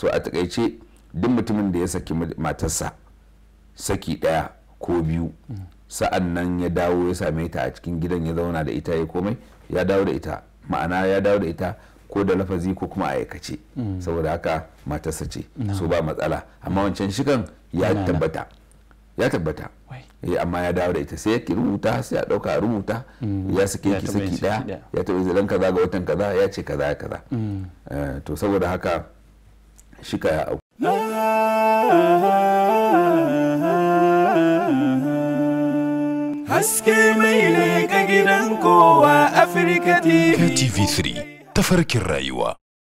so a takaice duk mutumin da ya saki matarsa saki daya ko biyu sa'an nan ya dawo ya same ta a cikin gidan ya zauna da ita ya komai ya dawo da ita ma'ana ya dawo da ita ko da lafazi ko kuma aikace saboda haka matarsa ce so ba matsala amma wancan shigan ya tabbata ya tabbata eh amma ya dawo da ita sai ya rubuta sai ya dauka rubuta ya sake ki saki daya ya taɓa zalan kaza ga watan kaza ya ce kaza ya kaza to saboda haka shika ya au haske mai ne ga gidan kowa afirka tv3 tafarkin rayuwa